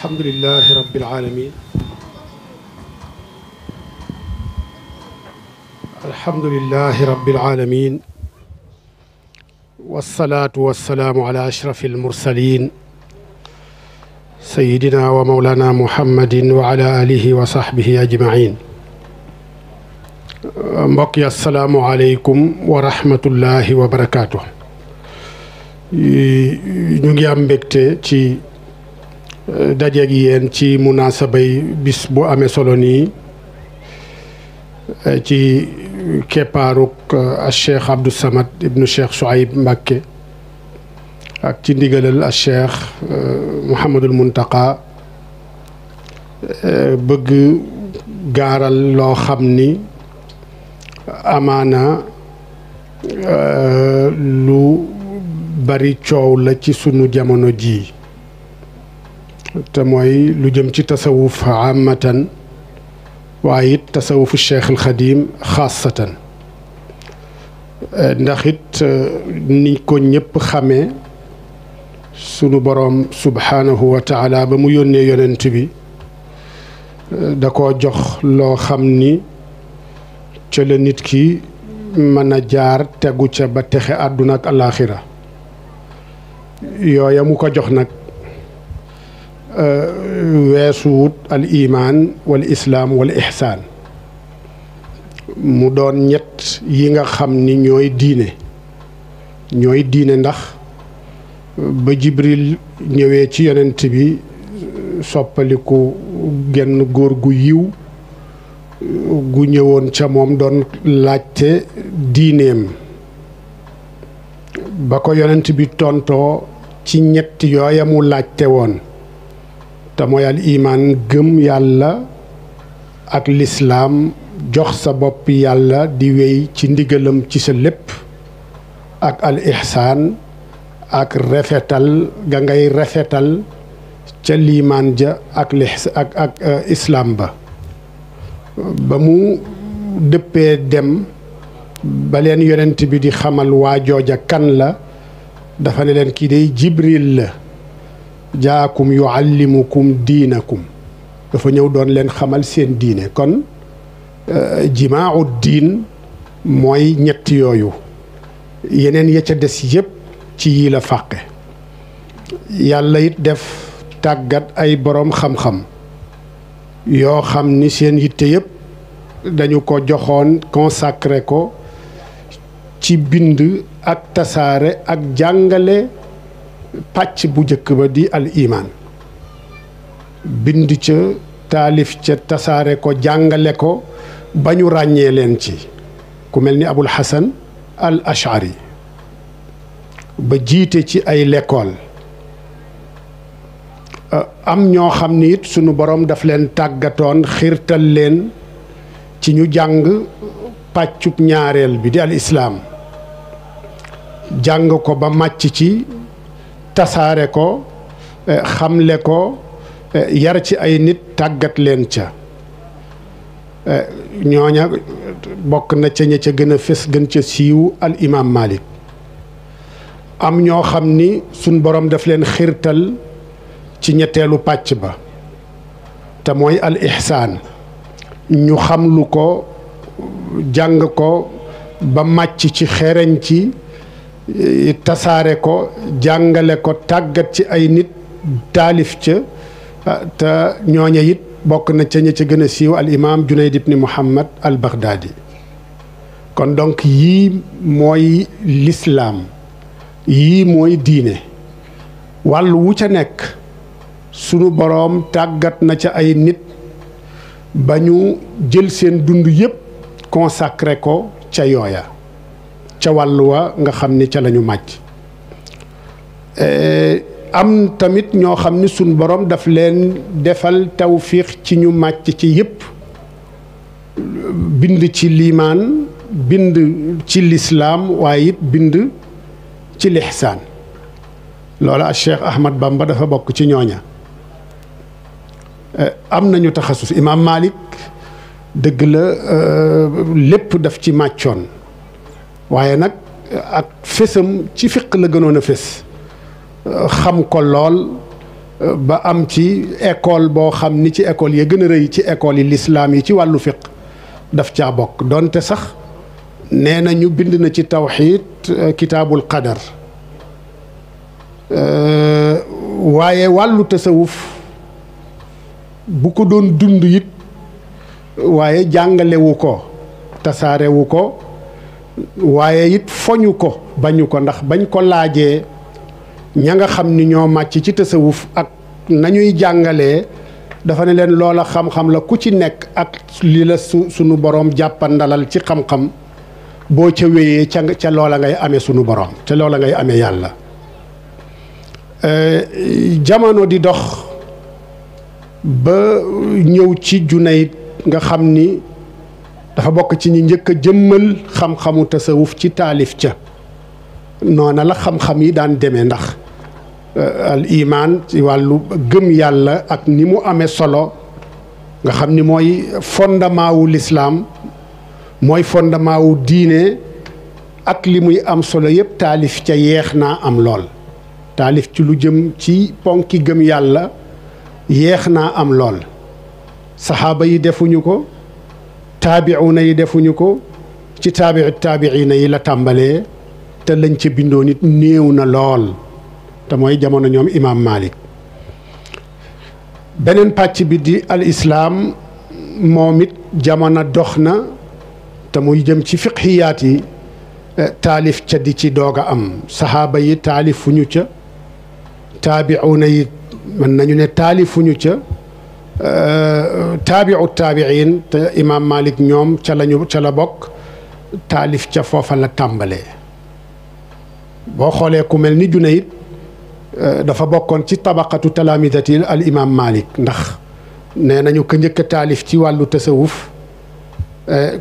alhamdulilahi rabbil alamin alhamdulilahi rabbil alamin wasalaatu wasalaamu ala ashrafi almursalin sayidina wa maulana muhammadin wa ala alihi wa sahbihi ajmain mbokk yi asalaamu aleykum wa rahmatullahi wa barakaatu ñu ngi am mbégte ci Euh, dajeeg yéen ci munaasabay bis bu amee solo nii euh, ci keppaaruk euh, al cheikh Abdou Samad ibnu cheikh Souaib Mbacké ak ci ndigalal al cheikh Mouhamadul Muntaqa bëgg gaaral loo xam ni amaana lu bari coow la ci sunu jamono jii te mooy lu jëm ci tasawuf amatan waaye it tasawufu cheikh al xadim xaasatan ndax it ko ñëpp xamee sunu boroom subhaanahu wa taala ba mu yónnee yonent bi da ko jox loo xam ni ca nit ki mën a jaar tegu ca ba texe àdduna ak alaaxira yooya mu ko jox nag Euh, weesuwut al imaan wal islaam wal ihsaan mu doon ñett yi nga xam ni ñooy diine ñooy diine ndax ba jibril ñëwee ci yonent bi soppaliku genn góor gu yiw gu ñëwoon ca moom doon laajte diineem ba ko yonent bi tontoo ci ñett yooya mu laajte woon te mooy al gëm yàlla ak lislaam jox sa bopp yàlla di wéy ci ndigalam ci sa lépp ak al ihsaan ak rafetal ga ngay rafetal ca liimaan ja ak lix eh, ba ba mu dëppee dem ba leen yonent bi di xamal waa jooja kan la dafa ne leen kii day jibril la jaakum yuallimukum diinakum dafa ñëw doon leen xamal seen diine kon euh, jimaau diin mooy ñetti yooyu yeneen ya ca des yépp ci yii la fàqe yàlla it def tàggat ay boroom xam-xam yoo xam ni seen yitte yépp dañu ko joxoon consacré ko ci bind ak tasaare ak jàngale pàcc bu njëkk ba di al imaan bind ca taalif ca tasaare ko jàngale ko ba ñu ràññee leen ci ku mel ni abul xasan al ashari ba jiite ci ay lekkool euh, am ñoo xam ni sunu boroom daf leen tàggatoon xiirtal leen ci ñu jàng pàccub ñaareel bi di al jàng ko ba màcc ci tasaare ko eh, xamle ko eh, yar ci ay nit tàggat leen ca eh, ñooña bokk na ca ña ca gën a fés gën ca siiw al imam Malik am ñoo xam ni suñ boroom daf leen xiirtal ci ñetteelu pàcc ba te mooy al ihsaan ñu xam ko jàng ko ba màcc ci xerañ ci tasaare ko jàngale ko tàggat ci ay nit taalif ca ah, te ñooña it bokk na ca ca gën a siiw al imaam Junayd Muhammad al kon donc yii mooy lislaam yii mooy diine wàll wu ca nekk sunu boroom tàggat na ca ay nit ba ñu jël seen dund yépp consacré ko ca yooya ca wàll wa nga xam ni ca lañu màcc eh, am tamit ñoo xam ni suñ boroom daf leen defal tawfiix ci ñu màcc ci yépp bind ci liimaan bind ci lislaam waaye it bind ci lixsaan loola ak Ahmad Bamba dafa bokk ci ñooña eh, am nañu taxasus Imaam Malik dëgg la eh, lépp daf ci màccoon waaye nag ak fésam ci fiq la gënoon a fés xam ko lool ba am ci école boo xam ni ci école yi gën a rëy ci école yi lislaam yi ci wàllu fiq daf caa bokk donte sax nee na ñu bind na ci tawxiid euh, kitaabul qadar euh, waaye wàllu tasawuf bu ko doon dund it waaye jàngalewu ko tasaarewu ko waaye it foñu ko bañu ko ndax bañ ko laajee ña nga xam ni ñoo màcc ci tasawuf ak nañuy jàngalee dafa ne leen loola xam-xam la ku ci nekk ak li la su sunu boroom jàppandalal ci xam-xam boo ca wéyee ca ca loola ngay ame sunu boroom ca loola ngay amee yàlla euh, jamono di dox ba ñëw ci Junayd nga xam ni dafa bokk ci ñi njëkk a jëmmal xam-xamu tasawuf ci taalif ca noona la xam-xam yi daan demee ndax euh, al iman ci wàllu gëm yàlla ak ni mu amee solo nga xam ni mooy fondement wu lislaam mooy fondement wu diine ak li muy am solo yëpp taalif ca yeex naa am lool taalif ci lu jëm ci ponki gëm yàlla yeex naa am lool saxaaba yi defuñu ko taabi'una yi defuñu ko ci taabi'u taabi'ina yi la tàmbalee te lañ ca bindoo nit néew na lool te mooy jamono ñoom imaam Malik beneen pàcc bi di alislaam moom it jamono dox na te muy jëm ci fiqhiyaat yi eh, taalif ca di ci doog a am saxaaba yi taalifuñu ca na yi mën nañu ne taalifuñu ca Euh, taabiu taabiin te imaam Malik ñoom ca lañu ca la bokk taalif ca foofa la tàmbalee boo xoolee ku mel ni Junayd euh, dafa bokkoon ci tabaqatu talaamidatil al imaam Malik ndax nee nañu ko njëkk a taalif ci wàllu tasawuf euh,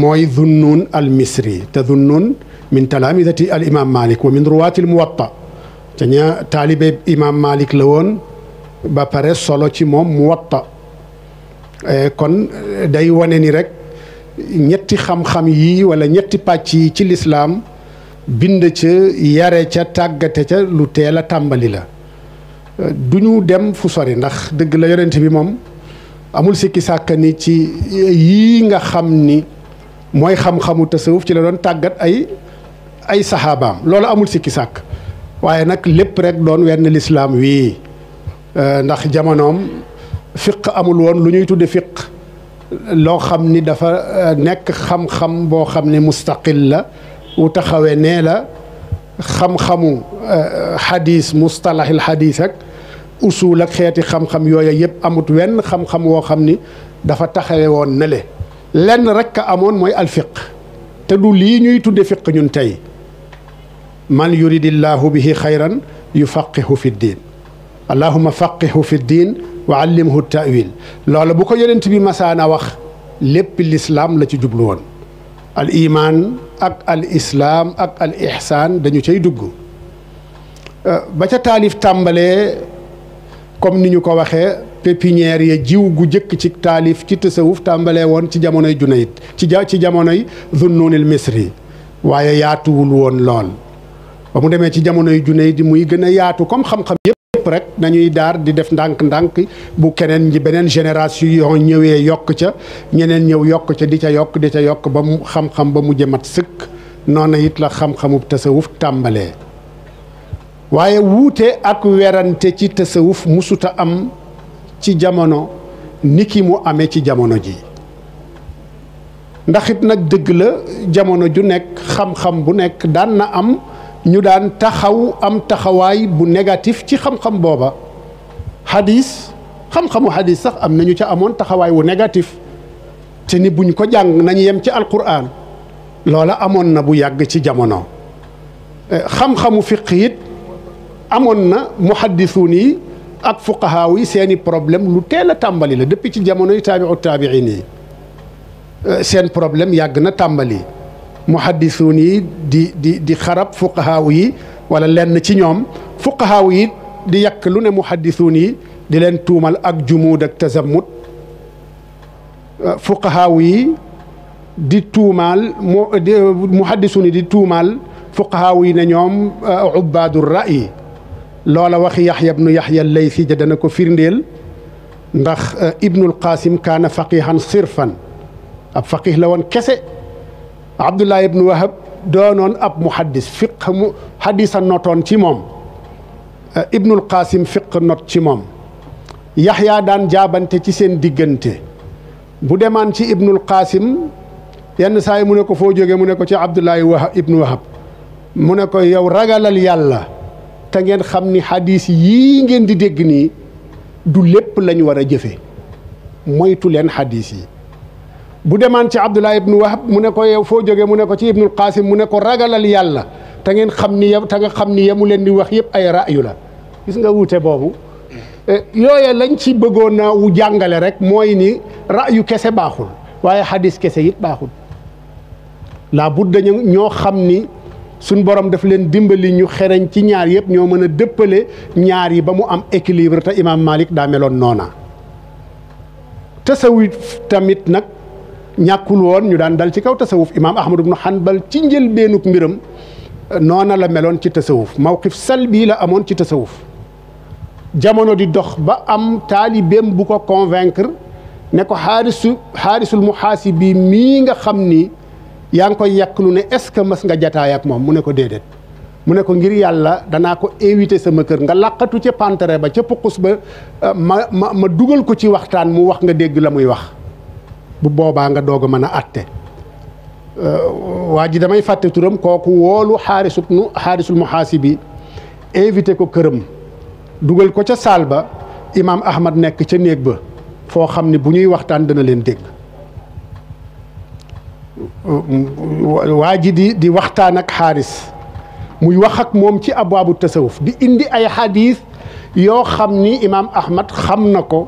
mooy Zunnun al Misri te Zunnun min talaamidati al imaam Malik wa min ruwaati al Muwatta te ña taalibe imaam Malik la woon. ba pare solo ci moom Muwatta eh, kon eh, day wane ni rek ñetti xam-xam yi wala ñetti pàcc yi ci lislaam bind ca yare ca tàggate ca lu teel a tàmbali la eh, du ñu dem fu sori ndax dëgg la yonent bi moom amul sikki sàkk ni ci yii nga xam ni mooy xam-xamu tasawuf ci la doon tàggat ay ay saxaabaam loolu amul sikki sàkk waaye nag lépp rek doon wenn lislaam wii Euh, ndax jamonoom fiq amul woon lu ñuy tudde fiq loo xam ni dafa euh, nekk xam-xam boo xam ni mustaqil la wu taxawee nee la xam-xamu euh, xadis mustalaxil xadis ak usul ak xeeti xam-xam yooya yëpp amut wenn xam-xam woo xam ni dafa taxawe woon nele lenn rek a amoon mooy alfiq te du lii ñuy tudde fiq ñun tey man yuridillahu bihi xayran yufaqihu fi diin allahuma faqihu fi diin wa allimhu tawil loolu bu ko yonent bi masaana wax lépp lislaam la ci jublu woon al imaan ak al islaam ak al ihsaan dañu cay dugg euh, ba ca taalif tàmbalee comme ni ñu ko waxee pépinière ya jiw gu jëkk ci taalif ci tasawuf tàmbalee woon ci jamonoy Junayd ci ja ci jamonoy Zunnuunil Misri waaye yaatuwul woon lool ba mu demee ci jamonoy Junayd muy gën a yaatu comme xam-xam yëpp rek nañuy daar di def ndànk-ndànk bu keneen ji beneen génération ñëwee yokk ca ñeneen ñëw yokk ca di ca yokk di ca yokk ba mu xam-xam ba mu jëmat sëkk noona it la xam-xamub tasawuf tàmbalee waaye wuute ak werante ci tasawuf musuta am ci jamono ni ki mu amee ci jamono ji ndaxit nag dëgg la jamono ju nekk xam-xam bu nekk daan na am ñu daan taxaw am taxawaay bu négatif ci xam-xam booba hadis xam-xamu hadis sax am nañu ca amoon taxawaay wu négatif te ni buñ ko jàng nañu yem ci alquran loola amoon na bu yàgg ci jamono eh, xam-xamu fiq it amoon na mu muhaddisuun yi ak fuqahaaw yi seeni problème lu teel a tàmbali la depuis ci jamono yi taabiu taabiin yi seen problème yàgg na tàmbali muhaddisuun yi di di di xarab fuqahaaw yi wala lenn ci ñoom fuqahaaw yi di yàq lu ne muhaddisuun yi di leen tuumal ak jumuud ak tazamut euh, fuqahaaw yi di tuumaal mu muhaddisuun yi di tuumaal fuqahaaw yi ne ñoom euh, ubbaadu ra'yi loola waxi yaxya bnu yaxya laysi ja dana ko firndeel ndax euh, ibnul qaasim kaana faqihan sirfan ab faqih la woon kese abdullah ibnu wahab doonoon ab muhaddis fiq mu hadisa notoon ci moom eh, ibnul qasim fiq not ci moom yaxyaa daan jaabante ci seen diggante bu demaan ci ibnul kaasim yenn saa yi mu ne ko foo jógee mu ne ko ci abdullahi wahab ibnu wahab mu ne ko yow ragalal yàlla te ngeen xam ni hadis yii ngeen di dégg nii du lépp lañu war a jëfe moytu leen hadis yi bu demaan ci Abdullah ibnu Wahab mu ne ko yow foo jógee mu ne ko ci ibnul Qaasim mu ne ko ragalal yàlla te ngeen xam ni yow te nga xam ni yemu leen di wax yëpp ay raayu la gis nga wuute boobu eh, yooye lañ ci bëggoon a wu jàngale rek mooy ni raayu kese baaxul waaye xadis kese it baaxul laa bud dañu ñoo xam ni suñ borom daf leen dimbali ñu xereñ ci ñaar yëpp ñoo mën a dëppale ñaar yi ba mu am équilibre te imaam Malik daa meloon noona tasawuf tamit nag ñàkkul woon ñu daan dal ci kaw tasawuf imaam ahmad ibnu hanbal ci njëlbeenug mbiram euh, noona la meloon ci tasawuf mawqif salbi la amoon ci tasawuf jamono di dox ba am taalibeem bu ko convaincre ne ko xaarisu xaarisul muhaasibi mii nga xam ni yaa ngi koy yàq lu ne est-ce que mas nga jataay ak moom mu ne ko déedéet mu ne ko ngir yàlla danaa ko invité sama kër nga làqatu ca pantere ba ca pukus ba euh, ma ma ma dugal ko ci waxtaan mu wax nga dégg la muy wax bu boobaa nga doog a mën a atte euh, waa ji damay fàtte turam kooku woolu xaarisu nu xaarisul muhaasibi invité ko këram dugal ko ca saal ba imaam Ahmad nekk ca néeg ba foo xam ne bu ñuy waxtaan dana leen dégg waa ji di di waxtaan ak xaaris muy wax ak moom ci abwaabu tasawuf di indi ay xadiis yoo xam ni imaam Ahmad xam na ko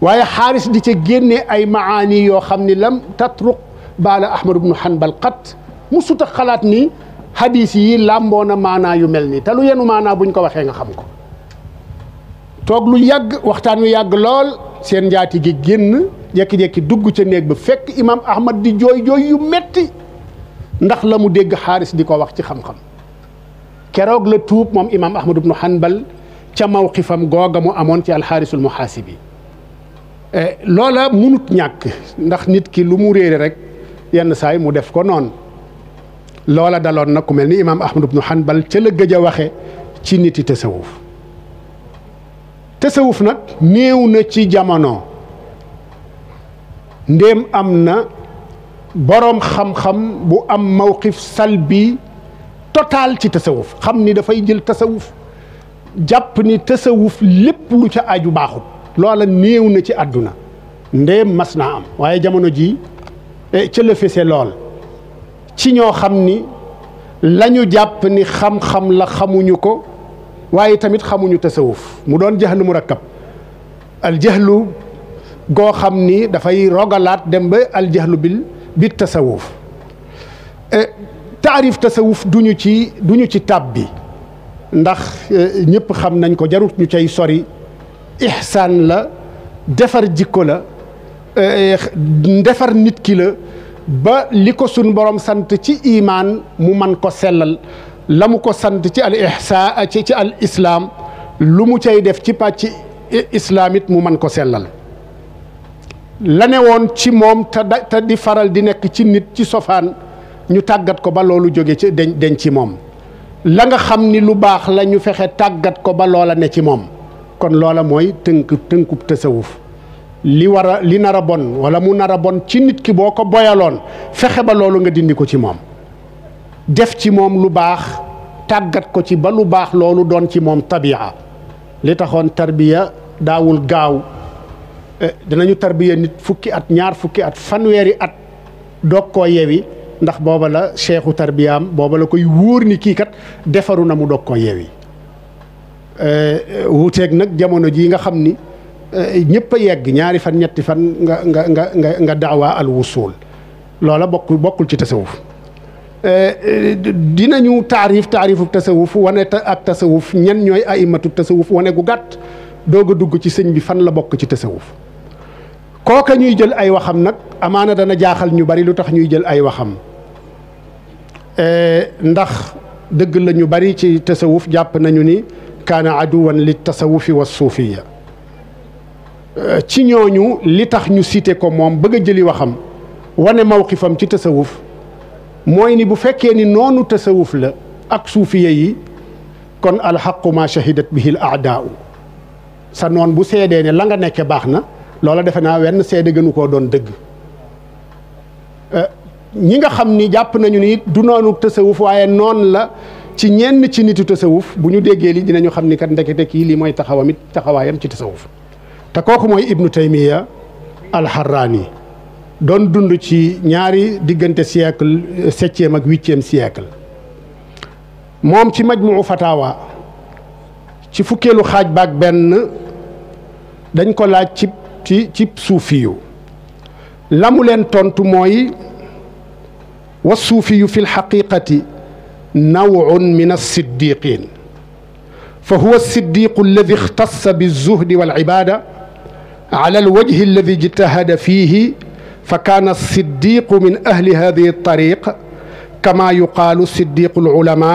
waaye xaaris di ca génne ay maani yoo xam ni la tatruq baala ahmad ibnu hanbal qat musuta xalaat ni hadis yi làmboo na maanaa yu mel nii te lu yenu maanaa buñ ko waxee nga xam ko toog lu yàgg waxtaan wi yàgg lool seen njaati gi génn jekki-jekki dugg ca néeg ba fekk imam ahmad di jooy jooy yu metti ndax la mu dégg xaaris di ko wax ci xam-xam keroog la tuub moom imam ahmad ibnu hanbal ca mawqifam googa mu amoon ci alxaarisul muhaasibi Eh, loola munut ñàkk ndax nit ki lu mu réere rek yenn saay mu def ko noonu loola daloon na ku mel ni imaam Ahmad ibnu Hanbal ca la gëj a waxe ci niti tasawuf tasawuf nag néew na ci jamono ndéem am na boroom xam-xam bu am mawqif salbi total ci tasawuf xam ni dafay jël tasawuf jàpp ni tasawuf lépp lu ca aju baaxut loola néew na ci àdduna ndéem mas naa am waaye jamono ji eh, ca lool ci ñoo xam ni lañu jàpp ni xam-xam la xamuñu ko waaye tamit xamuñu tasawuf mu doon jeex jahlu mu al aljeexlu goo xam ni dafay rogalaat dem ba al jahlu bil bi tasawuf eh, taarif tasawuf duñu ci duñu ci bi ndax eh, ñëpp xam nañ ko jarut ñu cay sori ihsaan la defar jikko la eh, defar nit ki la ba li ko sun borom sant ci imaan mu man ko sellal la mu ko sant ci al ihsaa islaam lu mu cay def ci pàcc islaam it mu man ko sellal la ne woon ci moom te da te di faral di nekk ci nit ci sofaan ñu tàggat ko ba loolu jóge ci deñ deñ ci moom la nga xam ni lu baax la ñu fexe tàggat ko ba loola ne ci moom kon loola mooy tënku tënk tënkub wuf li war a li nar a bon wala mu nar a bon ci nit ki boo ko boyaloon fexe ba loolu nga dindi ko ci moom def ci moom lu baax tàggat ko ci ba lu baax loolu doon ci moom tabia li taxoon tarbiya daawul gaaw eh, dinañu tarbiya nit fukki at ñaar fukki at fanweeri at doog koo yewi ndax booba la seexu tarbiyaam booba la koy wóor ni kii kat defaru na mu doog koo yewi Eh, wuuteeg nag jamono jii nga xam ni eh, ñëpp a yegg ñaari fan ñetti fan nga nga nga nga nga daawaa al wusul loola bokkul bokkul ci tasawuf eh, dinañu taarif taarifu tasawuf wane ak tasawuf ñen ñooy aimatu tasawuf wane gu gàtt doog a dugg ci sëñ bi fan la bokk ci tasawuf kooka ñuy jël ay waxam nag amaana dana jaaxal ñu bari lu tax ñuy jël ay waxam ndax dëgg la ñu bari ci tasawuf jàpp nañu ni kaana aduwan li tasawufi wa suufiya ci ñooñu li tax ñu siite ko moom bëgg a jëli waxam wane mawqifam ci tasawuf mooy ni bu fekkee ni noonu tasawuf la ak suufiya yi kon alxaqu ma shahidat bihi al aadaau sa noon bu seedee ne la nga nekke baax na loola defe naa wenn seede gënu koo doon dëgg ñi nga xam ni jàpp nañu ni du noonu tasawuf waaye noon la ci ñenn ci nitu tasawuf bu ñu déggee li dinañu xam ni kat ndekete kii lii mooy taxawamit taxawaayam ci tasawuf te kooku mooy ibnu taymiya alxarraani doon dund ci ñaari diggante siècle septième ak huitième siècle moom ci majmuu fatawa ci fukkeelu xaaj baak benn dañ ko laaj ci ci ci suufiyu la leen tontu mooy wa suufiyu fi lxaqiqati nawun min alsiddiqin fa huwa alsiddiqu alladi ixtassa bilzuhdi walcibaada ala alwajhi alladi ijtahada fiihi fa kaana alsiddiqu min ahli hadihi altariq kama yuqaalu siddiqu alulama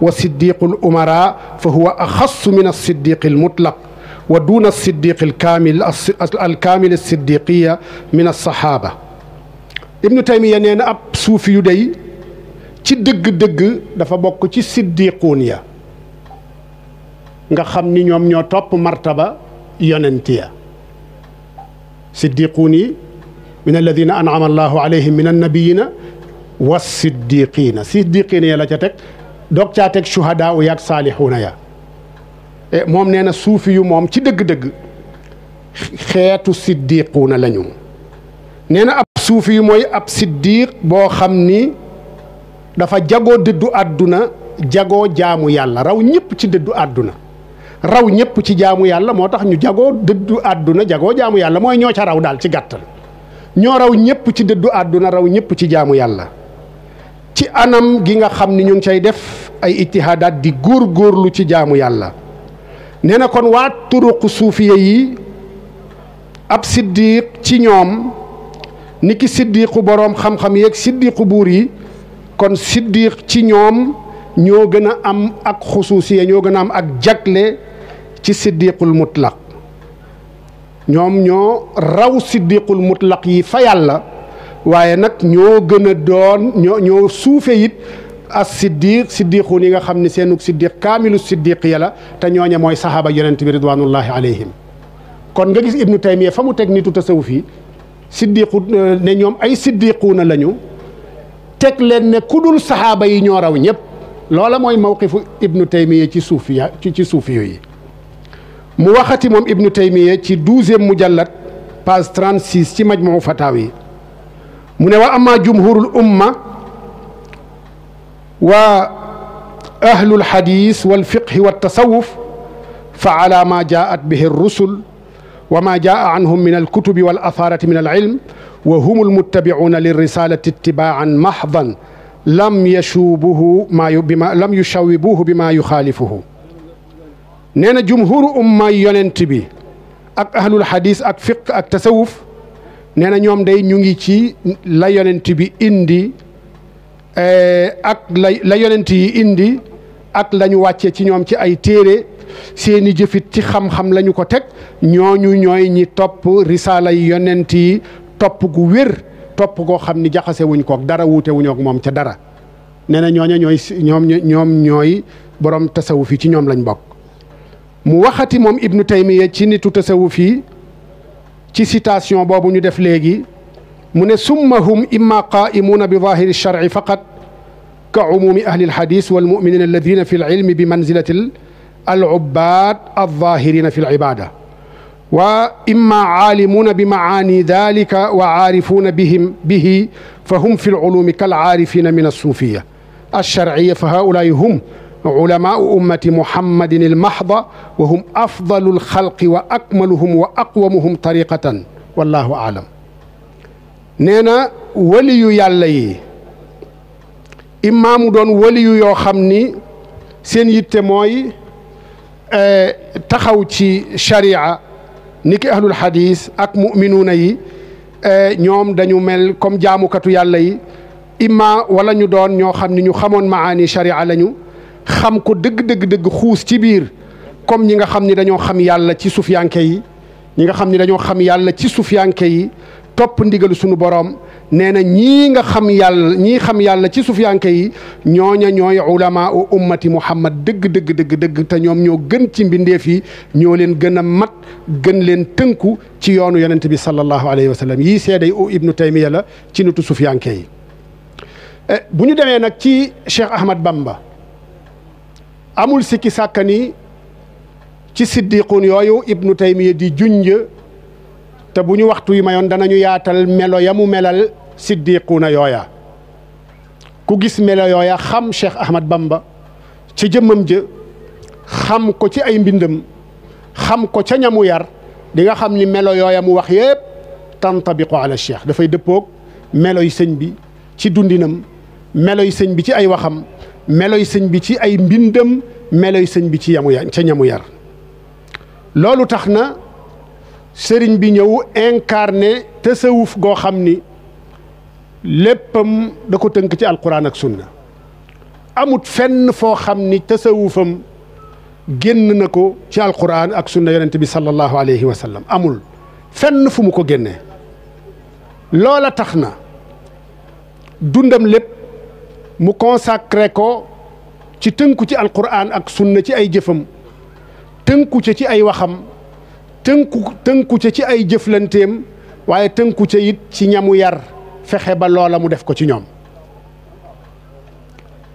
wa siddiqu alumara fa huwa axassu min alsiddiqi almutlaq wa duna alsiddiqi alkaamil alkaamil alsiddiqiya min alsaxaaba ibnu taymiya nee na ab suufi yu day ci dëgg-dëgg dafa bokk ci siddiquun ya nga xam ni ñoom ñoo topp martaba yonent ya siddiquun yi min alladina an'ama allahu alayhim min annabiyina wa siddiqina siddiqina ya la ca teg doog caa teg shuhadaa u yaag ya e, moom nee na suufi yu moom ci dëgg-dëgg xeetu siddiquuna lañu nee na ab suufi yu mooy ab siddiq boo xam ni dafa jagoo dëddu àdduna jagoo jaamu yàlla raw ñëpp ci dëddu àdduna raw ñëpp ci jaamu yàlla moo tax ñu jagoo dëddu àdduna jagoo jaamu yàlla mooy ñoo ca raw daal ci gàttal ñoo raw ñëpp ci dëddu àdduna raw ñëpp ci jaamu yàlla ci anam gi nga xam ni ñu ngi cay def ay ittihaadaat di góor góorlu ci jaamu yàlla nee na kon waa turuq suufiya yi ab siddiq ci ñoom ki siddiqu boroom xam-xam yeeg siddiqu buur yi kon siddiq ci ñoom ñoo gën a am ak xusuusiya ñoo gën a am ak jagle ci siddiqul mutlaq ñoom ñoo raw siddiqul mutlaq yi fa yàlla waaye nag ñoo gën a doon ñoo ñoo suufe it as siddiq siddiquun yi nga xam ne seenug siddiq kaamilu siddiq ya la te ñooñe mooy sahaaba yonent bi ridwanullahi alayhim kon nga gis ibnu taymiya fa mu teg nitu tasawuf fii siddiqu euh, ne ñoom ay siddiquuna lañu teg leen ne ku dul saxaaba yi ñoo raw ñëpp loola mooy mawqifu ibnu taymiya ci suufiya ci ci suufi yooyu mu waxati moom ibnu taymiya ci douzième mujallat page trente ci majmuu fataaw mu ne wa amma jumhurul umma wa ahlul hadis wal fiqhi wa tasawuf fa ala ma jaat bihi rusul wa ma jaa anhum min alkutubi wal atharati min al ilm wa humul muttabi'uuna li risalati ittibaan mahdan lam yashuubuhu maa yu bi ma lam yushawibuhu bi maa yuxaalifuhu nee na jumhuru umma yonent bi ak ahlul hadis ak fiq ak tasawuf nee na ñoom day ñu ngi ci la yonent bi indi eh, ak la yonent yi indi ak la ñu wàccee ci ñoom ci ay téere seeni jëfit ci xam-xam la ko teg ñooñu ñooy ñi topp risaala yi yonent yi topp gu wér topp goo xam ni jaxase wuñ kook dara wuute wuñook moom ca dara nee na ñooña ñooy ñoom ñoom ñooy borom tasawuf yi ci ñoom lañ bokk mu waxati moom ibnu taymiya ci nitu tasawuf yi ci citation boobu ñu def léegi mu ne summahum imma qaa'imuuna bi zaahiri sharci faqat ka umumi ahli alhadis walmuminina alladina fi alilmi bi manzilati al ubbaad alzahirina fi alibada wa imma caalimuuna bi macaani dalika wa caarifuuna bihim bihi fa hum fi lculuumi kalcaarifiina min alsuufiya alsharciya fa haulaai hum culamaau ummati muhammadin almaxda wa hum afdalu alxalqi wa akmaluhum wa aqwamuhum tariqatan wallahu aclam nee na waliyu yàlla yi imaamu doon waliyu yoo xam ni seen yitte mooy eh, taxaw ci sharia niki ahlul hadis ak na yi e, ñoom dañu mel comme jaamukatu yàlla yi imma wala ñu doon ñoo xam ni ñu xamoon maani sharia lañu xam ko dëgg dëgg dëgg xuus ci biir comme ñi nga xam ni dañoo xam yàlla ci suufiyanke yi ñi nga xam ni dañoo xam yàlla ci suufiyanke yi topp ndigalu sunu borom nee na ñii nga xam yàlla ñii xam yàlla ci sufiyanke yi ñooña ñooy ulama u ummati muhammad dëgg dëgg dëgg dëgg te ñoom ñoo gën ci mbindeef yi ñoo leen gën a mat gën leen tënku ci yoonu yonent bi sallallahu alayhi wa sallam yii seeday u ibnu taymiya la ci nitu sufiyanke yi eh, bu ñu demee nag ci Cheikh Ahmad Bamba amul sikki sàkka ci siddiquun yooyu ibnu taymiya di junj te bu ñu waxtu yi mayoon danañu yaatal melo ya mu melal siddiquuna yooya ku gis melo yooya xam Cheikh Ahmad Bamba ci jëmmam jë xam ko ci ay mbindam xam ko ca ñamu yar di nga xam ni melo yooya mu wax yépp tantabiqu ala Cheikh dafay dëppook melo yi sëñ bi ci dundinam melo yi sëñ bi ci ay waxam melo yi sëñ bi ci ay mbindam meloy sëñ bi ci yamu yar ca ñamu yar loolu tax na sëriñ bi ñëw incarné tasawuf goo xam ni léppam da ko tënk ci alquran ak sunna amut fenn foo xam ni tasawufam génn na ko ci alquran ak sunna yonent bi sallallahu alayhi wa amul fenn fu mu ko génnee loola tax na dundam lépp mu konsakre ko ci tënku ci alquran ak sunna ci ay jëfam tënku ci ci ay waxam tënku tënku ca ci ay jëflanteem waaye tënku ca it ci ñamu yar fexe ba loola mu def ko ci ñoom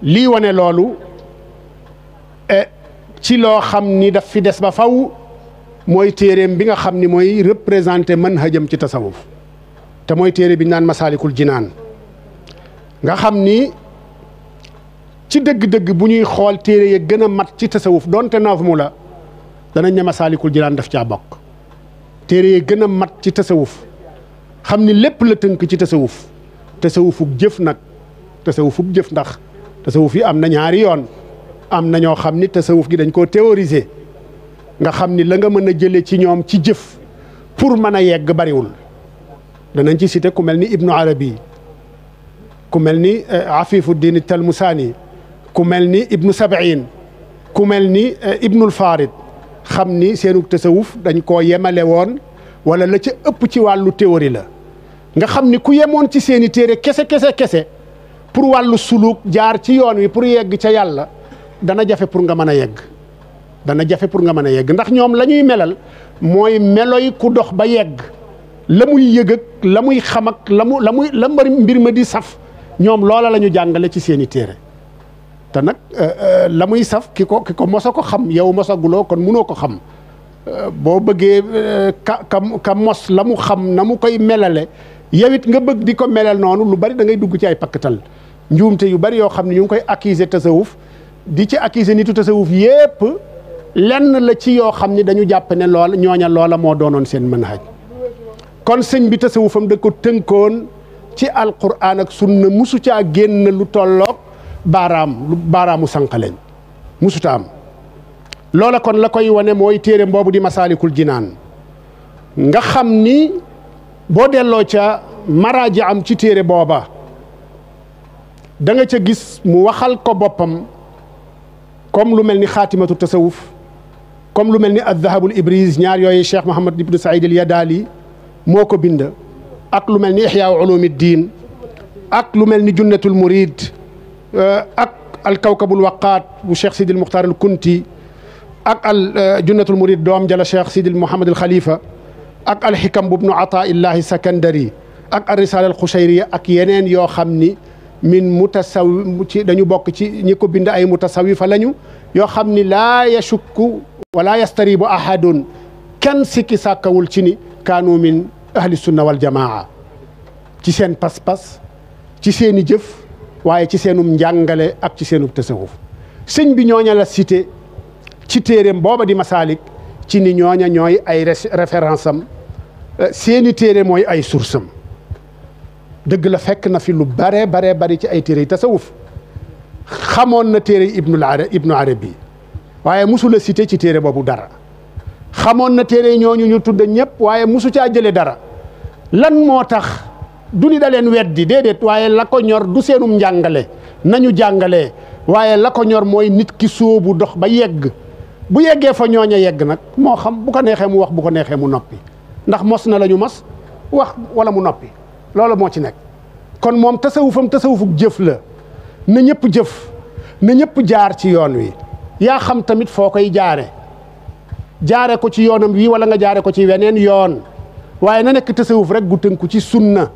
lii wane loolu eh, ci loo xam ni daf fi des ba faw mooy téereem bi nga xam ni mooy représenté mën hajam ci tasawuf te mooy téere bi ñu naan masaalikul jinaan nga xam ni ci dëgg-dëgg bu ñuy xool téere ya gën a mat ci tasawuf donte noof mu la danañ ne masaalikul jinaan daf caa bokk téere yi gën a mat ci tasawuf xam ni lépp la tënk ci tasawuf tasawufuk jëf nag tasawufuk jëf ndax tasawuf yi am na ñaari yoon am na ñoo xam ni tasawuf gi dañ koo théoriser nga xam ni la nga mën a jële ci ñoom ci jëf pour mën a yegg bariwul danañ ci cité ku mel ni ibnu arabi ku mel ni eh, afifu diini talmusaani ku mel ni ibnu sabain ku mel ni eh, ibnul farid xam ni seenu tasawuf dañu koo yemale woon wala la ca ëpp ci wàllu théorie la nga xam ni ku yemoon ci seeni téere kese kese kese pour wàllu suluk jaar ci yoon wi pour yegg ca yàlla dana jafe pour nga mën a yegg dana jafe pour nga mën a yegg ndax ñoom la ñuy melal mooy meloy ku dox ba yegg la muy yëg ak la muy xam la mu la muy la mbir ma di saf ñoom loola la ñu jàngale ci seeni téere te nag euh, euh, la muy saf ki ko ki ko mos ko xam yow mosaguloo kon munoo ko xam euh, boo bëggee ka ka ka mos la mu xam na mu koy melale yow it nga bëgg di ko melal noonu lu bari da ngay dugg ci ay pakkatal njuumte yu bari yoo xam ne ñu ngi koy accuser tasawuf di ci accuser nitu tasawuf yépp lenn la ci yoo xam ni dañu jàpp ne loola ñooña loola moo doonoon seen manhaj kon sëñ bi tasawufam da ko tënkoon ci alquran ak na musu caa génn lu tolloog baaraam lu baaraamu sànq lañ musuta am loola kon la koy wane mooy téere boobu di masaalikul jinaan nga xam ni boo delloo ca maraaji am ci téere booba da ca gis mu waxal ko boppam comme lu mel ni xaatimatu tasawuf comme lu mel ni addahabul ibris ñaar yooyu cheikh mohamad ibnu saïd al yadaali moo ko bind ak lu mel ni ixyaa ulumi diin ak lu mel ni junnatul murid Euh, ak al kawkabul waqaat bu Cheikh Sidil Muxtaar al Kunti ak al euh, junnatul murid doom jala Cheikh Sidil Muhammad al ak al xikam bu bnu Ataa Illaahi ak al risaala ak yeneen yoo xam ni min mutasaw ci dañu bokk ci ñi ko bind ay mutasawifa lañu yoo xam ni laa yashukku wala yastaribu ahadun kenn sikki sàkkawul ci kaanu min ahli sunna wal jamaa ci seen pas-pas ci seeni jëf. waaye ci seenum njàngale ak ci seenum tasawuf sëñ bi ñooña la cité ci téeréem booba di masaalik ci ni ñooña ñooy ay référence am euh, seeni téere mooy ay source dëgg la fekk na fi lu bare bare bari ci ay téere yi tasawuf xamoon na téere ibnu ara ibnu arabi waaye musu la cité ci téere boobu dara xamoon na téere ñooñu ñu tudd ñëpp waaye musu caa jële dara lan moo tax du ni da leen weddi déedéet waaye la ko ñor du seenum njàngale nañu jàngale waaye la ko ñor mooy nit ki sóobu dox ba yegg bu yeggee fa ñooñ yegg nag moo xam bu ko neexee mu wax bu ko neexee mu noppi ndax mos na lañu ñu mos wax wala mu noppi loolu moo ci nekk kon moom tasawufam tasawufuk jëf la na ñëpp jëf na ñëpp jaar ci yoon wi yaa xam tamit foo koy jaare jaare ko ci yoonam wii wala nga jaare ko ci weneen yoon waaye na nekk tasawuf rek gu tënku ci sunna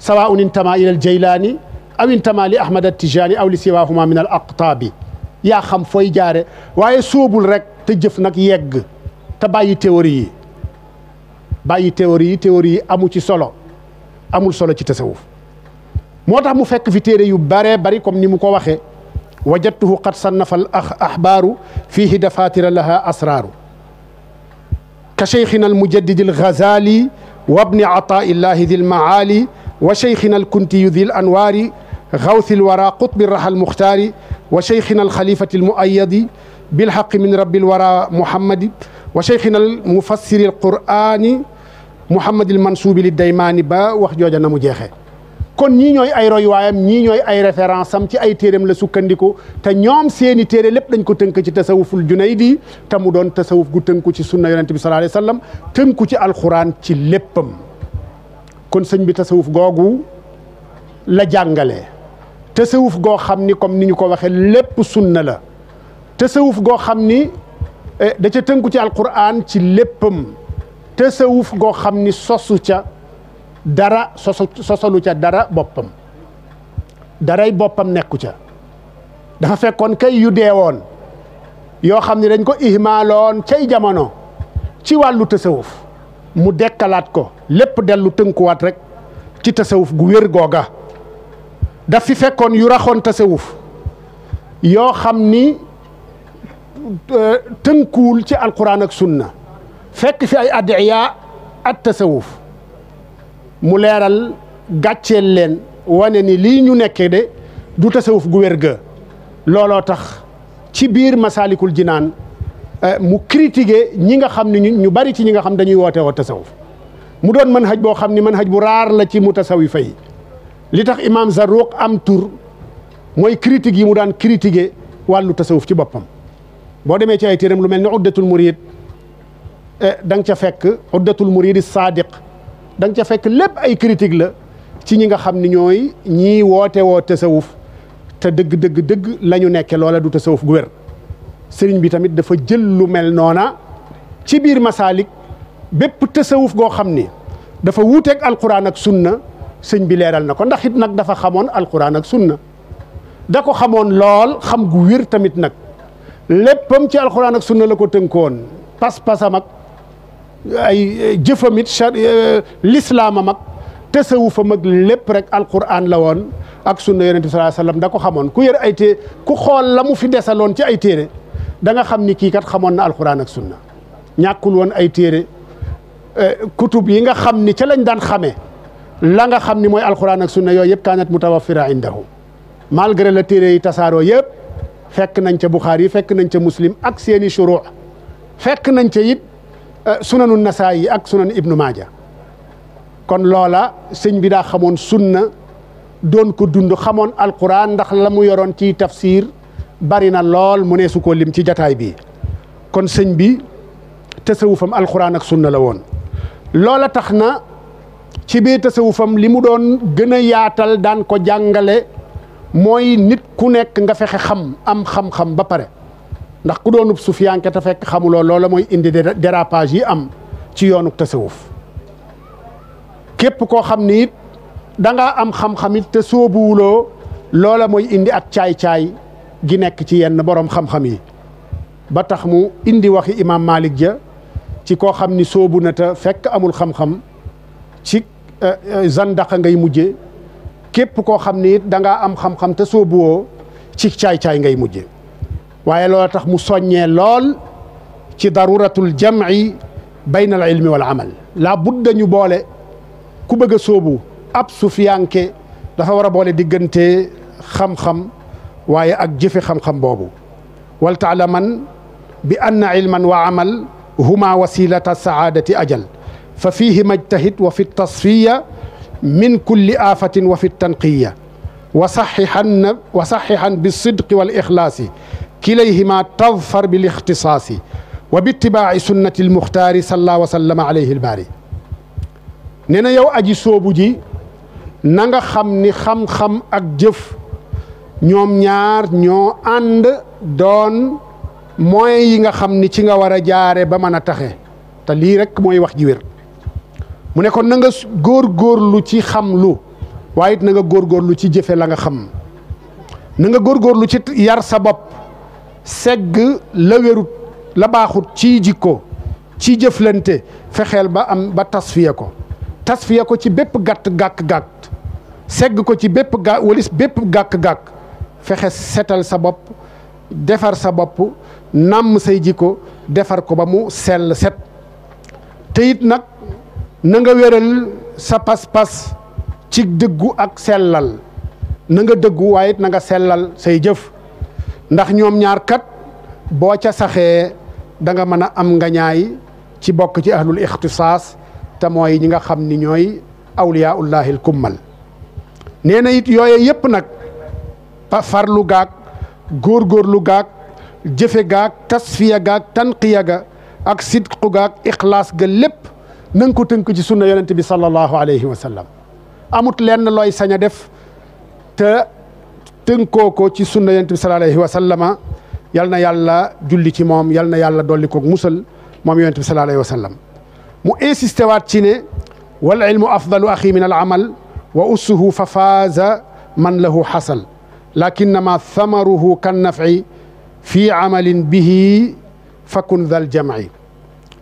sawaun intama ila al jaylaani aw intama li ahmad al tijaani aw li siwaahuma min al yaa xam fooy jaare waaye sóobul rek te jëf nag yegg te bàyyi théorie yi bàyyi théorie yi théorie yi amu ci solo amul solo ci tasawuf moo tax mu fekk fi téere yu bare bari comme ni mu ko waxee wajadtuhu qad sannafa al ahbaaru fiihi dafatira laha asraaru ka cheikhina al mujaddidi al ghazali wa bni di lmaali wa cheykhina alkuntiyu di l anwaari gawsi lwara qutbi raha almuxtaari wa cheykhina alxalifati almuayyadi bilxaqi min rabbi lwara muhammadi wa cheykhina almufassiri alqur'ani muhammadi almansuubi liddaymaani ba wax jooja na mu jeexee kon ñii ñooy ay royuwaayam ñii ñooy ay référence am ci ay téeram la sukkandiku te ñoom seeni téere lépp dañ ko tënk ci tasawuful junaydi te mu doon tasawuf gu tënku ci sunna yonente bi sallallahu alayhi wa sallam tënku ci alxuraan ci léppam kon sëñ bi tasawuf googu la jàngale tasawuf goo xam ni comme niñu ko waxee lépp sunna la tasawuf goo xam ni eh, da ca tënku ci alquran ci léppam tasawuf goo xam ni sosu ca dara sosu sosalu ca dara boppam daray boppam nekku ca dafa fekkoon kay yu deewoon yoo xam ni dañ ko ihmaaloon cay jamono ci wàllu tasawuf mu dekkalaat ko lépp dellu tënkuwaat rek ci tasawuf gu wér googa daf fi fekkoon yu raxoon tasawuf yoo xam ni euh, tënkuwul ci alquran ak na fekk fi ay adiya at tasawuf mu leeral gàcceel leen wane ni lii ñu nekke de du tasawuf gu wér looloo tax ci biir masaalikul jinaan Euh, mu critiquer ñi nga xam ne ñu ñu bari ci ñi nga xam dañuy woote woo tasawuf mu doon mën manhaj boo xam ni mën manhaj bu raar la ci mu mutasawifa yi li tax imam Zarruq am tur mooy critique yi mu daan critiquer wàllu tasawuf ci boppam boo demee ci ay téeram lu mel ni uddatul murid euh, da nga ca fekk uddatul murid saadiq da nga ca fekk lépp ay critique la ci ñi nga xam ni ñooy ñii woote woo tasawuf te dëgg dëgg dëgg la ñu nekke loola du tasawuf gu sëriñ bi tamit dafa jël lu mel noona ci biir masaalik bépp tasawuf goo xam ni dafa wuuteeg alquran ak sunna sëñ bi leeral na ko ndax it nag dafa xamoon alquran ak sunna da ko xamoon lool xam gu wér tamit nag léppam ci alquran ak sunna la ko tënkoon pas-pasam mag ay jëfam it euh, lislaamam ak tasawufam ak lépp rek alquran la woon ak sunna yonent bi sallallahu alayhi wasallam da ko xamoon ku yër ay téere ku xool la mu fi desaloon ci ay téere da nga xam ni kii kat xamoon na alxuraan ak sunna ñàkkul woon ay téere euh, kutub yi nga xam ni ca lañ daan xamee la nga xam ni mooy alxuraan ak sunna yooyu yëpp kaanat mutawaffira indahu malgré le téere yi tasaaroo yëpp fekk nañ ca Buxaari fekk nañ ca muslim ak seeni shuruu fekk nañ ca it euh, sunanu nasaa yi ak sunan ibnu maaja kon loola sëñ bi daa xamoon sunna doon ko dund xamoon alxuraan ndax la mu yoroon ci tafsir bari na lool mu ne su koo lim ci jataay bii kon sëñ bi fam alxuraan ak sunna la woon loola tax na ci biir fam li mu doon gën a yaatal daan ko jàngale mooy nit ku nekk nga fexe xam am xam-xam ba pare ndax ku doonub sufiyanke te fekk xamuloo loola mooy indi dérapage yi am ci yoonu tasawuf képp koo xam ni it da ngaa am xam-xam it te soobuwuloo loola mooy indi ak caay-caay gi nekk ci yenn boroom xam-xam yi ba tax mu indi waxi imaam Malik ja ci koo xam ni soobu na te fekk amul xam-xam ci eh, eh, zandaqa ngay mujje képp koo xam ni it dangaa am xam-xam te soobuwoo ci caay-caay ngay mujje waaye loola tax mu soññee lool ci daruratul jam'i bayna al ilmi wal amal laa budda ñu boole ku bëgg a sóobu ab sufiyanke dafa war a boole diggante xam-xam waaye ak jëfe xam-xam boobu wal taalaman bi anna ilman wa amal huma wasilata saadati ajal fa fiihi majtahid wa fi tasfiya min kulli aafatin wa fi tanqiya wa saxihan wa saxihan bi sidqi wal ixlaasi kilayhima tadfar bil ixtisaasi wa bi itibaaci sunnati almuxtaari salla wa sallama alayhi albaari nee na yow aji soobu ji na nga xam ni xam-xam ak jëf ñoom ñaar ñoo ànd doon moyens yi nga xam ni ci nga war a jaare ba mën a taxe te lii rek mooy wax ji wér mu ne kon na nga góor góorlu ci xam lu waaye it góor nga góorgóorlu ci jëfe la nga xam na nga góorgóorlu ci yar sa bopp segg la wérut la baaxut ci jikko ci jëflante fexeel ba am ba tasfiya ko tasfiya ko ci bépp gàtt gàkk gàkk segg ko ci bépp ga walis bépp gàkk gàkk fexe setal sa bopp defar sa bopp nàmm say jikko defar ko ba mu sell set te nag na nga wéral sa pas-pas ci dëggu ak sellal na nga dëggu waaye na nga sellal say jëf ndax ñoom ñaar kat boo ca saxee danga mën a am ngañaay ci bokk ci ahlul ixtisaas te mooy ñi nga xam ni ñooy awliyaullahil kummal nee na it yooye yépp nag farlu gaag góorgóorlu gaag jëfe gaag tasfiya gaag tanqiya ga ak sidqu gaag ixlaas ga lépp na ko tënk ci sunna yonente bi sallallahu alayhi wa sallam amut lenn looy sañ a def te tënkoo ko ci sunna yonente bi sallallahu alayhi yal na yàlla julli ci moom yal na yàlla dolli koog musal moom yonente bi sallallahu alayhi wa sallam mu insisté waat ci ne wal ilmu afdalu axi min al amal wa ussuhu fa man lahu xasal lakinnama thamaruhu kan nafi fii amalin bihi fakun zal jam'i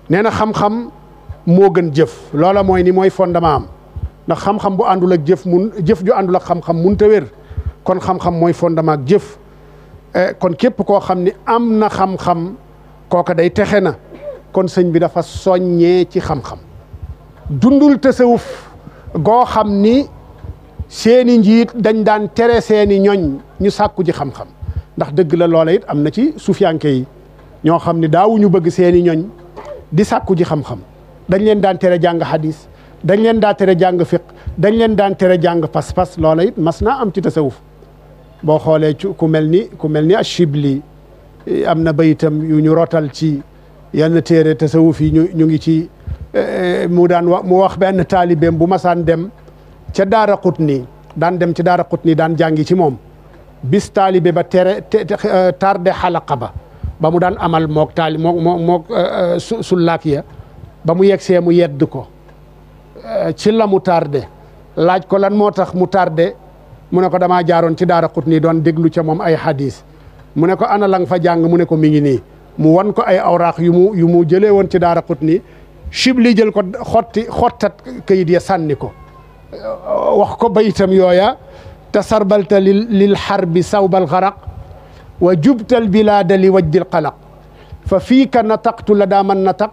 nee na xam-xam moo gën jëf loola mooy ni mooy fondement am ndax xam-xam bu àndul ak jëf mun jëf ju àndul ak xam-xam mun ta kon xam-xam mooy fondement jëf eh, kon képp koo xam ni am na xam-xam kooka day texe na kon sëñ bi dafa soññee ci xam-xam dundul tasawuf goo xam ni seeni njiit dañ daan tere seeni ñoñ ñu sàkku ji xam-xam ndax dëgg la loola it am na ci suuf suufiyanke yi ñoo xam ne daawuñu bëgg seeni ñoñ di sàkku ji xam-xam dañ leen daan tere jàng hadis dañ leen daan tere jàng fiq dañ leen daan tere jàng pas-pas loola it mas naa am ci tasawuf boo xoolee ku mel ni ku mel ni a Ashibli eh, am na bayitam yu ñu rootal ci yenn téere tasawuf yi ñu ñu ngi ci eh, eh, mu daan wax mu wax benn taalibeem bu masaan dem ca daara nii daan dem ci daara nii daan jàngi ci moom bis taalibe ba tere eh, tarde xalaqa ba ba mu daan amal moog taali mook moo mook eh, eh, sullaak ya ba mu yegsee mu yedd ko ci la mu tardé laaj ko lan moo tax mu tardé mu ne ko damaa jaaroon ci daara nii doon déglu ca moom ay hadis mu ne ko ana la nga fa jàng mu ne ko mi ngi nii mu wan ko ay awraax yu mu yu mu jëlee woon ci daara Qutni shibli jël ko xotti xottat kayit ya sànni ko wax ko bayitam yooya tasarbalta lil xarbi sawbal xaraq wa jubtal bilaada li wajjil xalaq fa fiika nataqtu la daaman nataq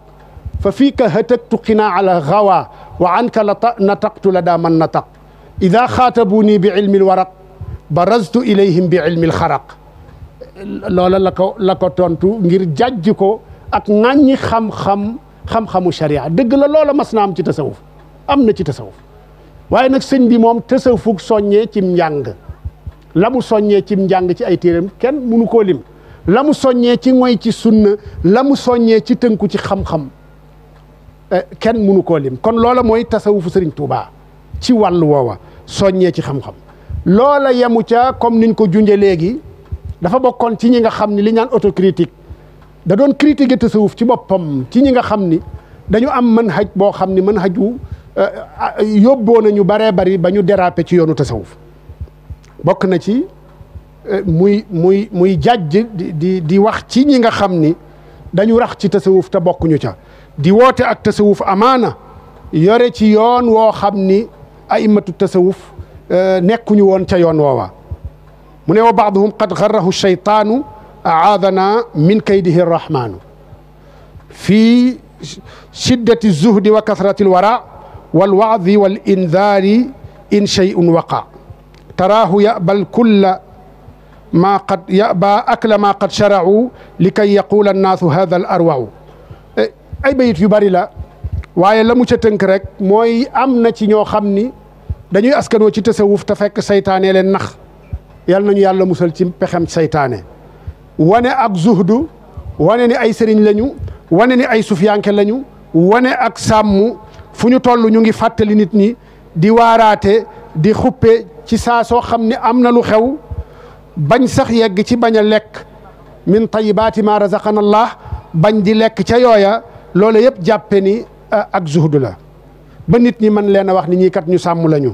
fa fiika hataktu qinaa ala xawa wa anka la nataqtu la daaman nataq ida xaatabuni bi ilmi lwaraq baraztu ilayhim bi ilmi lxaraq loola la ko la ko tontu ngir jàjj ko ak ŋàññi xam-xam xam-xamu sharia dëgg la loola mas na am ci tasawuf am na ci tasawuf waaye nag sëñ bi moom tasawuf soññee cim njàng lamu mu soññee cim njàng ci ay téeram kenn munu koo lim la mu soññee ci moy ci sunna lamu soññee ci tënku ci xam-xam eh, kenn munu koo lim kon loola mooy tasawufu sëriñ Tuubaa ci wàllu woowa soññee ci xam-xam loola yemu ca comme niñ ko junje léegi dafa bokkoon ci ñi nga xam ni li ñaan autocritique da doon critiquer tasawuf ci boppam ci ñi nga xam ni dañu am manhaj boo xam ni manhaju Euh, ah, yóbboo nañu baree bari ba ñu déraper ci yoonu tasawuf bokk na ci euh, muy muy muy jàjj di di wax ci ñi nga xam ni dañu rax ci tasawuf te bokkuñu ca di woote ak tasawuf amaana yore ci yoon woo xam ni aimatu tasawuf euh, nekkuñu woon ca yoon woowa mu ne wa baaduhum qad garrahu shaytaanu aadana min kaydihi rahmaanu fii shiddati zuhdi wa kasrati alwara walwaadi wal indaari in shay'un waqa taraahu yabal kulla maa qad li kay yaquula annaasu hada al arwacu e, ay yu bari la waaye la mu ca tënk rek mooy am na ci ñoo xam ni dañuy askanoo ci tasawuf te fekk saytaane leen nax yal nañu yàlla musal ci pexem seytaane wane ak zuhdu wane ni ay sëriñ lañu wane ni ay sufiyanke lañu wane ak sàmm fu ñu toll ñu ngi fàttali nit ñi di waaraate di xuppe ci saa soo xam ne am na lu xew bañ sax yegg ci bañ a lekk min tayibaati ma razaqana allah bañ di lekk ca yooya loolu yëpp jàppe ni ak zuhdu la ba nit ñi mën leen a wax ni ñii kat ñu sàmm lañu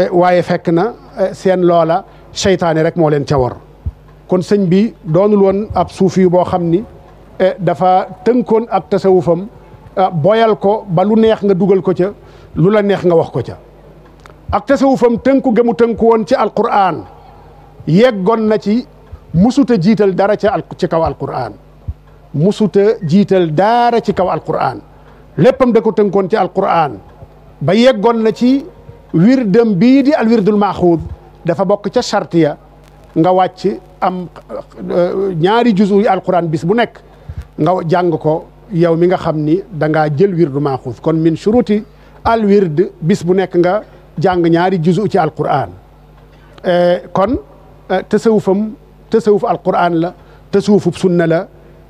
e, waaye fekk na e, seen loola seytaane rek moo leen ca war kon sëñ bi doonul woon ab suufi yu boo xam ni e, dafa tënkoon ak fam Ah, boyal ko ba lu neex nga dugal ko ca lu la neex nga wax ko ca ak tasawufam tënku gëmu tënku woon ci alquran yeggoon na ci musuta jiital dara ca ci kaw alquran musuta jiital dara ci kaw alquran léppam de ko tënkoon ci alquran ba yeggoon na ci wir wirdam bii di alwirdul maaxuud dafa bokk ca chartiya nga wàcc am eh, ñaari juzu yi alquran bis bu nekk nga jàng ko yow mi nga xam ni da ngaa jël wirdu maaxuus kon min shuruti al wird bis bu nekk nga jàng ñaari juzu ci alquran eh, kon eh, tasawufam tasawuf alquran la tasawufub sunna la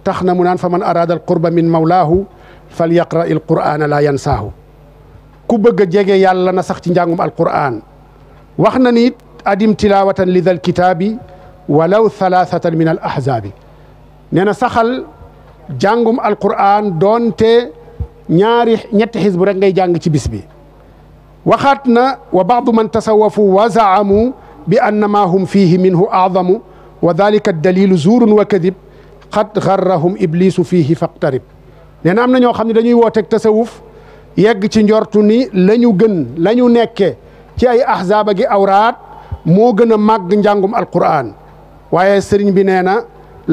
tax na mu naan fa man araada alqurba min mawlaahu fal yaqra il qur'ana laa yansaahu ku bëgg a jege yàlla na sax ci njàngum al alquran wax na ni adim tilawatan li dal kitaabi walaw thalathatan min al ahzaabi nee na saxal jàngum alquran doonte ñaari ñetti xisbu rekk ngay jàng ci bis bi waxaat na wa baadu man tasawafu wa zaamu bi annama hum fihi minhu aadamu wa dalika dalilu zuurun wa kadib xad xarrahum iblisu fihi faqtarib nee na am na ñoo xam ne dañuy woo teg tasawuf yegg ci njortu ni lañu ñu gën la ñu nekke ci ay ahzaaba gi awraat moo gën a màgg njàngum alquran waaye sëriñ bi nee na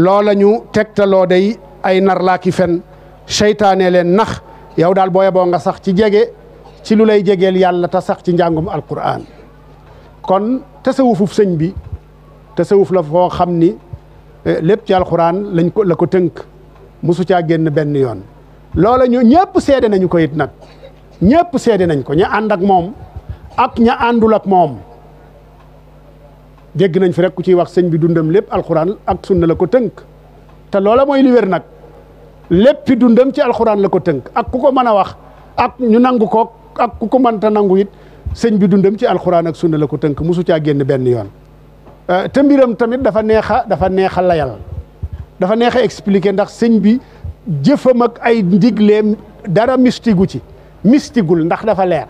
loola ñu tegtaloo day ay nar laa fen seytaane leen nax yow daal boo yeboo nga sax ci jege ci lu lay jegeel yàlla ta sax ci njàngum alquran kon tasawufuf sëñ bi tasawuf la foo xam ni eh, lépp ci alxuraan lañ ko la ko tënk mosu caa génn benn yoon loole ñu ñëpp seede nañu ko it nag ñëpp seede nañ ko ña ànd moom ak ña àndul ak moom dégg nañ fi rekku ciy wax sëñ bi dundam lépp alquran ak sunna la ko tënk te loola mooy li wér nag léppi dundam ci alxuraan la ko tënk ak ku ko mën a wax ak ñu nangu ko ak ku ko mënta nangu it sëñ bi dundam ci alxuraan ak sunna la ko tënk mosu caa génn benn yoon euh, te mbiram tamit dafa neex a dafa neex a layal dafa neex a expliquer ndax sëñ bi jëfam ay ndigleem dara mistigu ci mistigul ndax dafa leer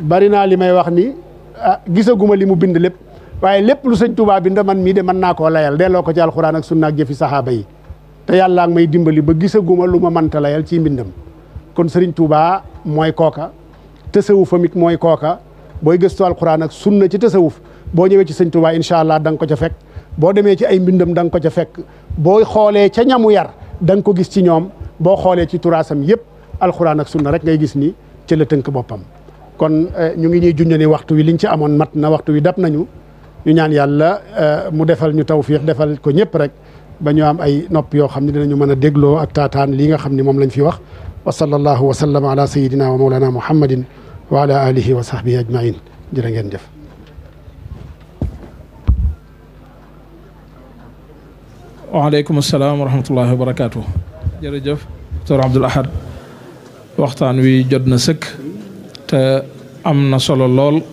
bari naa li may wax ni ah gisaguma li mu bind lépp waaye lépp lu sëñ Tuubaa bind man mii de man naa koo layal delloo ko ci alxuraan ak sunna ak jëfi saxaaba yi te yàlla ak may dimbali ba gisaguma lu ma mënta layal ci mbindam kon sëriñ Tuubaa mooy kooka fa mit mooy kooka booy gëstu alxuraan ak sunna ci tasawuf boo ñëwee ci sëñ Tuubaa incha allah da nga ko ca fekk boo demee ci ay mbindam da ko ca fekk boo xoolee ca ñamu yar da nga ko gis ci ñoom boo xoolee ci turaasam yëpp alxuraan ak sunna rek ngay gis ni ci la tënk boppam kon eh, ñu ngi ñuy junj ni waxtu wi liñ ci amoon mat na waxtu wi dab nañu ñu ñaan yàlla euh, mu defal ñu tawfiix defal ko ñëpp rek ba ñu am ay nopp yoo xam ne dinañu mën a dégloo ak taataan lii nga xam ne moom lañ fi wax wa sallallahu wa sallam ala sayidina wa maulana muhammadin wa ala alihi wa sahbihi ajmain jërë ngeen jëf waaleykum asalaam wa rahmatullahi wa barakaatu jërëjëf docteur Abdoul Ahad waxtaan wi jot na sëkk te am na solo lool